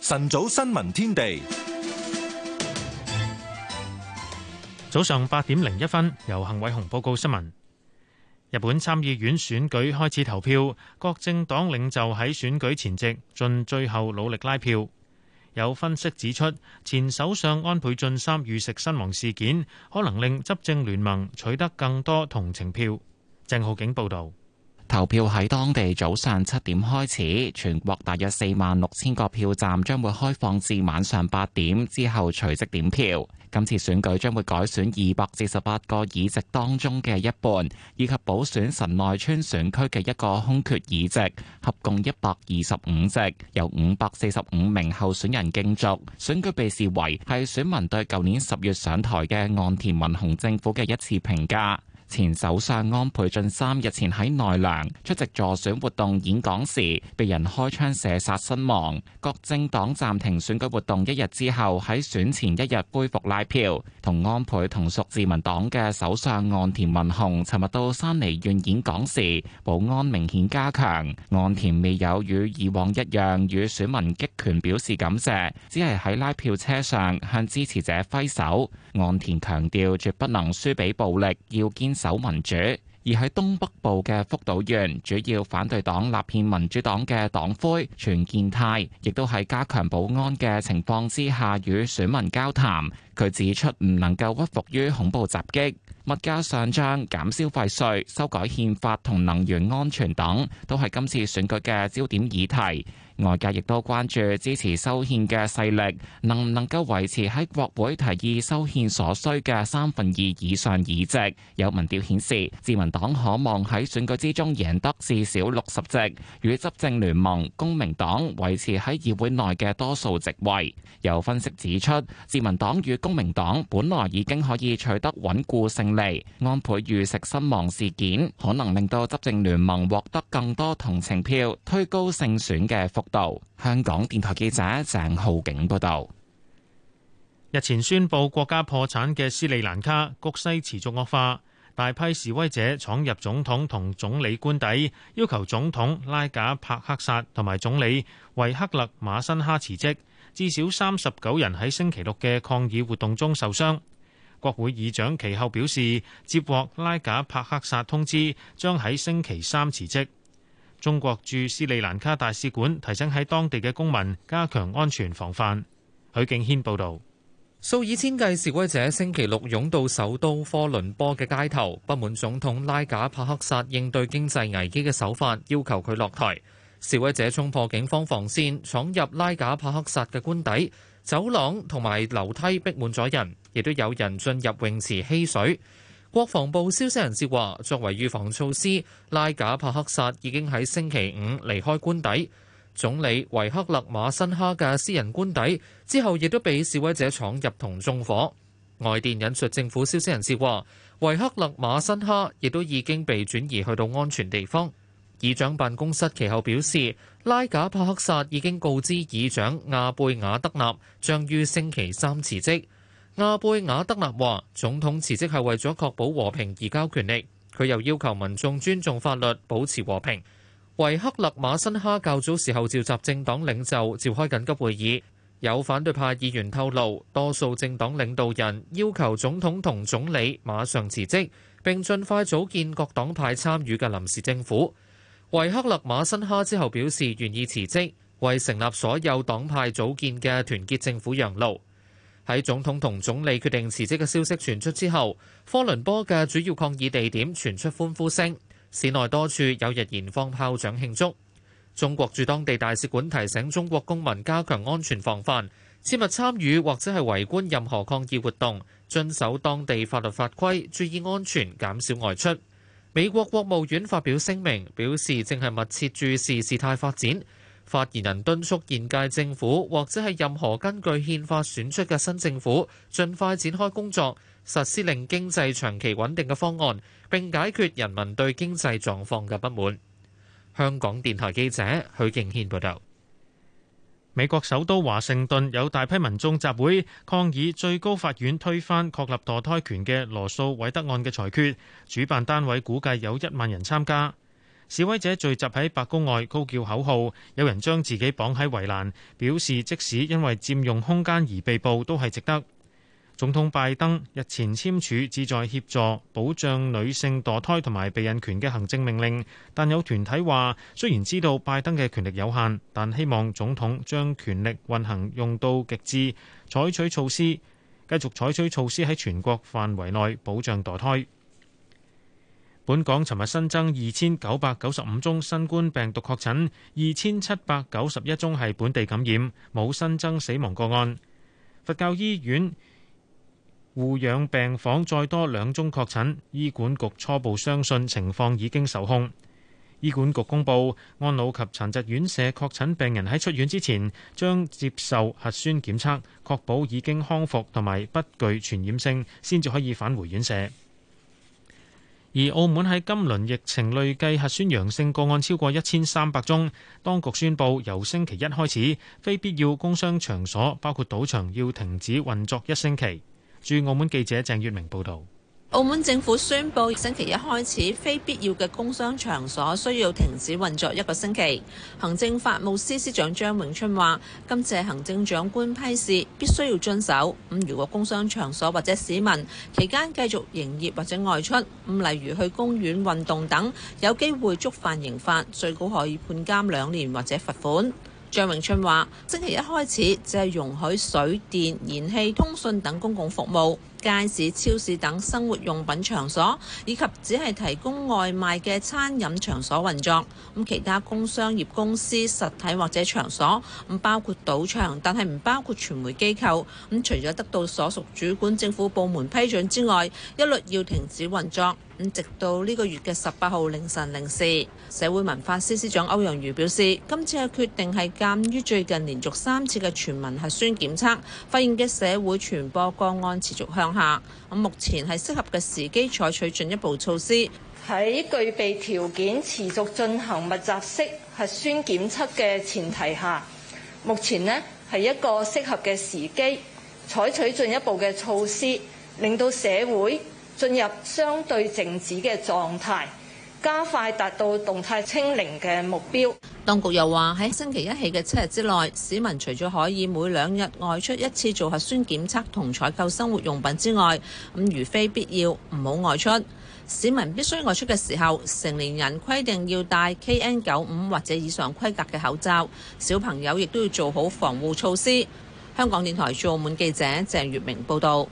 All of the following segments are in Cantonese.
晨早新聞天地，早上八點零一分，由幸偉雄報告，告新聞。日本參議院選舉開始投票，各政黨領袖喺選舉前夕盡最後努力拉票。有分析指出，前首相安倍晉三遇刺身亡事件，可能令執政聯盟取得更多同情票。鄭浩景報道。投票喺當地早上七點開始，全國大約四萬六千個票站將會開放至晚上八點，之後隨即點票。今次選舉將會改選二百四十八個議席當中嘅一半，以及補選神奈川選區嘅一個空缺議席，合共一百二十五席，由五百四十五名候選人競逐。選舉被視為係選民對舊年十月上台嘅岸田文雄政府嘅一次評價。前首相安倍晉三日前喺奈良出席助選活動演講時，被人開槍射殺身亡。各政黨暫停選舉活動一日之後，喺選前一日恢復拉票。同安倍同屬自民黨嘅首相岸田文雄尋日到山梨縣演講時，保安明顯加強。岸田未有與以往一樣與選民擊拳表示感謝，只係喺拉票車上向支持者揮手。岸田強調絕不能輸俾暴力，要堅持守民主，而喺東北部嘅福島縣，主要反對黨立憲民主黨嘅黨魁泉健太，亦都喺加強保安嘅情況之下與選民交談。佢指出唔能夠屈服於恐怖襲擊，物價上漲、減消費稅、修改憲法同能源安全等都係今次選舉嘅焦點議題。外界亦都關注支持修憲嘅勢力能唔能夠維持喺國會提議修憲所需嘅三分二以上議席。有民調顯示，自民黨可望喺選舉之中贏得至少六十席，與執政聯盟公明黨維持喺議會內嘅多數席位。有分析指出，自民黨與公公民明黨本來已經可以取得穩固勝利，安倍遇食身亡事件可能令到執政聯盟獲得更多同情票，推高勝選嘅幅度。香港電台記者鄭浩景報道。日前宣布國家破產嘅斯里蘭卡局勢持續惡化。大批示威者闖入總統同總理官邸，要求總統拉賈帕克薩同埋總理維克勒馬辛哈辭職，至少三十九人喺星期六嘅抗議活動中受傷，國會議長其後表示，接獲拉賈帕克薩通知，將喺星期三辭職，中國駐斯里蘭卡大使館提醒喺當地嘅公民加強安全防範，許敬軒報道。數以千計示威者星期六湧到首都科倫坡嘅街頭，不滿總統拉賈帕克薩應對經濟危機嘅手法，要求佢落台。示威者衝破警方防線，闖入拉賈帕克薩嘅官邸，走廊同埋樓梯，逼滿咗人，亦都有人進入泳池嬉水。國防部消息人士話，作為預防措施，拉賈帕克薩已經喺星期五離開官邸。總理維克勒馬辛哈嘅私人官邸之後，亦都被示威者闖入同縱火。外電引述政府消息人士話，維克勒馬辛哈亦都已經被轉移去到安全地方。議長辦公室其後表示，拉賈帕克薩已經告知議長亞貝瓦德納將於星期三辭職。亞貝瓦德納話，總統辭職係為咗確保和平移交權力。佢又要求民眾尊重法律，保持和平。維克勒馬辛哈較早時候召集政黨領袖召開緊急會議，有反對派議員透露，多數政黨領導人要求總統同總理馬上辭職，並盡快組建各黨派參與嘅臨時政府。維克勒馬辛哈之後表示願意辭職，為成立所有黨派組建嘅團結政府讓路。喺總統同總理決定辭職嘅消息傳出之後，科倫坡嘅主要抗議地點傳出歡呼聲。市內多處有日燃放炮仗慶祝。中國駐當地大使館提醒中國公民加強安全防範，切勿參與或者係圍觀任何抗議活動，遵守當地法律法規，注意安全，減少外出。美國國務院發表聲明表示，正係密切注視事態發展。發言人敦促現屆政府或者係任何根據憲法選出嘅新政府，盡快展開工作。實施令經濟長期穩定嘅方案，並解決人民對經濟狀況嘅不滿。香港電台記者許敬軒報導。美國首都華盛頓有大批民眾集會抗議最高法院推翻確立墮胎權嘅羅訴韋德案嘅裁決。主辦單位估計有一萬人參加。示威者聚集喺白宮外高叫口號，有人將自己綁喺圍欄，表示即使因為佔用空間而被捕都係值得。總統拜登日前簽署旨在協助保障女性墮胎同埋避孕權嘅行政命令，但有團體話：雖然知道拜登嘅權力有限，但希望總統將權力運行用到極致，採取措施，繼續採取措施喺全國範圍內保障墮胎。本港尋日新增二千九百九十五宗新冠病毒確診，二千七百九十一宗係本地感染，冇新增死亡個案。佛教醫院護養病房再多兩宗確診，醫管局初步相信情況已經受控。醫管局公布，安老及殘疾院舍確診病人喺出院之前將接受核酸檢測，確保已經康復同埋不具傳染性，先至可以返回院舍。而澳門喺今輪疫情累計核酸陽性個案超過一千三百宗，當局宣布由星期一開始，非必要工商場所，包括賭場，要停止運作一星期。駐澳門記者鄭月明報道，澳門政府宣布星期一開始，非必要嘅工商場所需要停止運作一個星期。行政法務司司長張永春話：今次係行政長官批示，必須要遵守。咁、嗯、如果工商場所或者市民期間繼續營業或者外出，咁、嗯、例如去公園運動等，有機會觸犯刑法，最高可以判監兩年或者罰款。張榮春話：星期一開始只，只係容許水電、燃氣、通訊等公共服務、街市、超市等生活用品場所，以及只係提供外賣嘅餐飲場所運作。咁其他工商業公司實體或者場所，咁包括賭場，但係唔包括傳媒機構，咁除咗得到所屬主管政府部門批准之外，一律要停止運作。咁直到呢個月嘅十八號凌晨零時，社會文化司司長歐陽瑜表示，今次嘅決定係鑒於最近連續三次嘅全民核酸檢測發現嘅社會傳播個案持續向下，咁目前係適合嘅時機採取進一步措施。喺具備條件持續進行密集式核酸檢測嘅前提下，目前呢係一個適合嘅時機，採取進一步嘅措施，令到社會進入相對靜止嘅狀態，加快達到動態清零嘅目標。當局又話喺星期一起嘅七日之內，市民除咗可以每兩日外出一次做核酸檢測同採購生活用品之外，咁如非必要唔好外出。市民必須外出嘅時候，成年人規定要戴 KN 九五或者以上規格嘅口罩，小朋友亦都要做好防護措施。香港電台駐澳門記者鄭月明報導。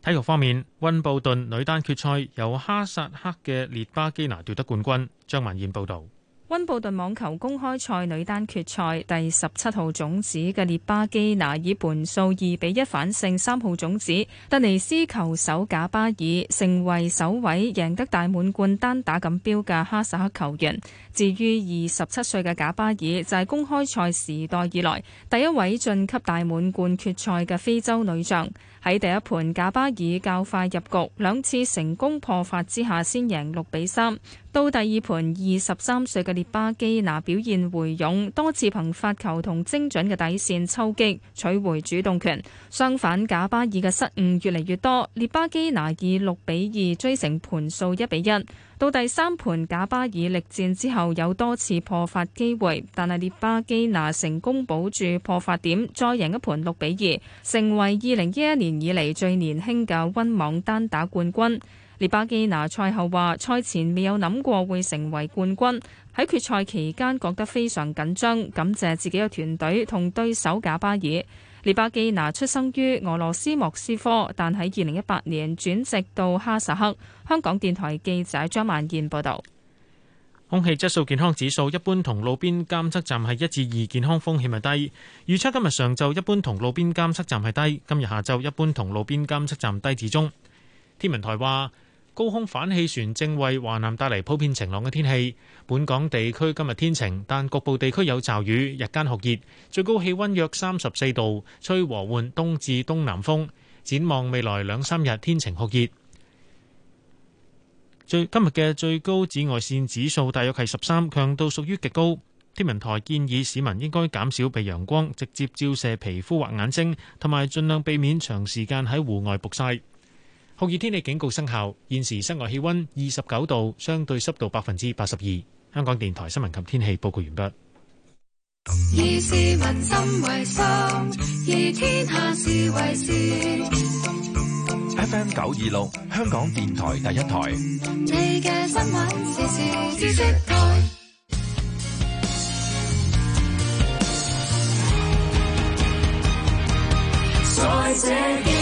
體育方面，溫布頓女單決賽由哈薩克嘅列巴基拿奪得冠軍。張文燕報導。温布頓網球公開賽女單決賽，第十七號種子嘅列巴基拿以盤數二比一反勝三號種子突尼斯球手賈巴爾，成為首位贏得大滿貫單打錦標嘅哈薩克球員。至於二十七歲嘅賈巴爾，就係公開賽時代以來第一位晉級大滿貫決賽嘅非洲女將。喺第一盤，賈巴爾較快入局，兩次成功破發之下，先贏六比三。到第二盤，二十三歲嘅列巴基拿表現回勇，多次憑發球同精準嘅底線抽擊取回主動權。相反，賈巴爾嘅失誤越嚟越多，列巴基拿以六比二追成盤數一比一。到第三盤，賈巴爾力戰之後有多次破發機會，但係列巴基娜成功保住破發點，再贏一盤六比二，成為二零一一年以嚟最年輕嘅溫網單打冠軍。列巴基娜賽後話：賽前未有諗過會成為冠軍，喺決賽期間覺得非常緊張，感謝自己嘅團隊同對手賈巴爾。列巴基娜出生於俄羅斯莫斯科，但喺二零一八年轉籍到哈薩克。香港電台記者張萬燕報道。空氣質素健康指數一般同路邊監測站係一至二，健康風險係低。預測今日上晝一般同路邊監測站係低，今日下晝一般同路邊監測站低至中。天文台話。高空反氣旋正為華南帶嚟普遍晴朗嘅天氣，本港地區今日天，天晴，但局部地區有驟雨，日間酷熱，最高氣溫約三十四度，吹和緩東至東南風，展望未來兩三日天晴酷熱。最今日嘅最高紫外線指數大約係十三，強度屬於極高。天文台建議市民應該減少被陽光直接照射皮膚或眼睛，同埋盡量避免長時間喺戶外曝曬。酷熱天氣警告生效，現時室外氣溫二十九度，相對濕度百分之八十二。香港電台新聞及天氣報告完畢。以市民心為心，以天下事為事，FM 九二六，香港電台第一台。在這。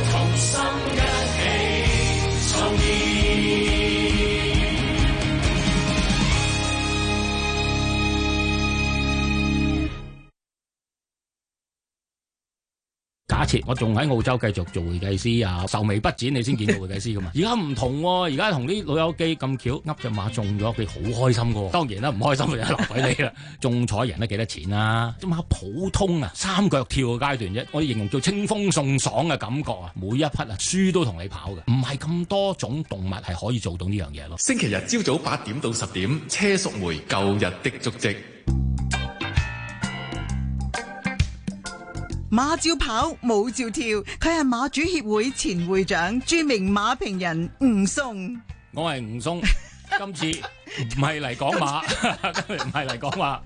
我仲喺澳洲繼續做會計師啊，愁眉不展，你先見到會計師㗎嘛？而家唔同喎，而家同啲老友記咁巧，噏隻馬中咗，佢好開心喎。當然啦，唔開心嘅就留俾你啦。中彩贏得幾多錢啊？隻馬普通啊，三腳跳嘅階段啫，我形容叫清風送爽嘅感覺啊，每一匹啊，輸都同你跑嘅，唔係咁多種動物係可以做到呢樣嘢咯。星期日朝早八點到十點，車淑梅舊日的足跡。馬照跑，舞照跳，佢係馬主協會前會長，著名馬評人吳松。吳，我係吳松。 今次唔係嚟講馬，唔係嚟講馬，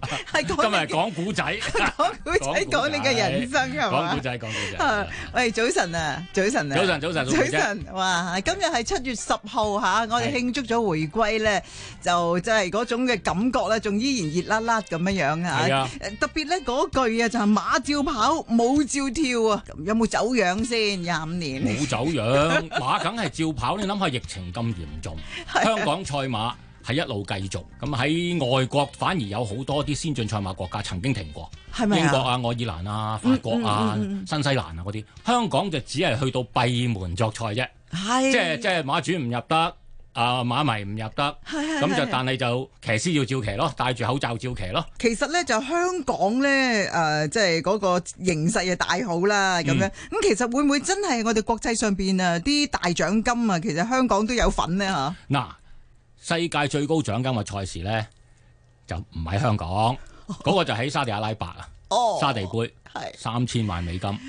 今日講古仔，講古仔講你嘅人生係嘛？講古仔講古仔。喂早晨啊，早晨啊，早晨早晨早晨。哇，今日係七月十號嚇，我哋慶祝咗回歸咧，就真係嗰種嘅感覺咧，仲依然熱辣辣咁樣樣嚇。係啊，特別咧嗰句啊，就係馬照跑，舞照跳啊，有冇走樣先？廿五年冇走樣，馬梗係照跑。你諗下疫情咁嚴重，香港賽馬。馬係一路繼續咁喺外國，反而有好多啲先進賽馬國家曾經停過，係咪英國啊、愛爾蘭啊、法國啊、嗯嗯嗯、新西蘭啊嗰啲，香港就只係去到閉門作賽啫是，即係即係馬主唔入得，啊、呃、馬迷唔入得，咁就但係就騎師要照騎咯，戴住口罩照騎咯。其實咧就香港咧誒，即係嗰個形勢就大好啦咁樣。咁、嗯、其實會唔會真係我哋國際上邊啊啲大獎金啊，其實香港都有份呢。吓、嗯？嗱。世界最高獎金嘅賽事呢，就唔喺香港嗰、oh. 個就喺沙地阿拉伯啊！Oh. 沙地杯係三千萬美金，oh.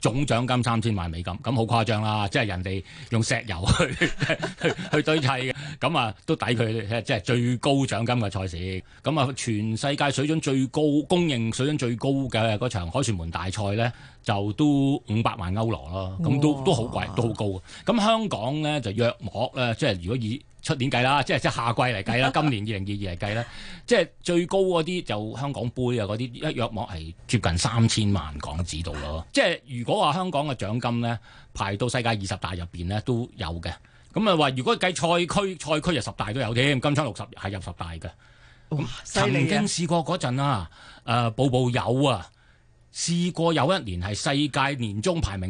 總獎金三千萬美金，咁好誇張啦！即、就、係、是、人哋用石油去 去去堆砌嘅，咁啊 都抵佢即係最高獎金嘅賽事。咁啊，全世界水準最高、公認水準最高嘅嗰場凱旋門大賽呢，就都五百萬歐羅咯，咁都都好貴，都好高。咁香港呢，就約莫咧，即係如果以出年計啦，即係即係夏季嚟計啦，今年二零二二嚟計啦， 即係最高嗰啲就香港杯啊嗰啲，一約莫係接近三千萬港紙度咯。即係如果話香港嘅獎金呢，排到世界二十大入邊呢都有嘅。咁啊話，如果計賽區，賽區就十大都有添，金獎六十係入十大嘅。哦，犀利啊，曾經試過嗰陣啊，誒、呃，步步友啊，試過有一年係世界年終排名。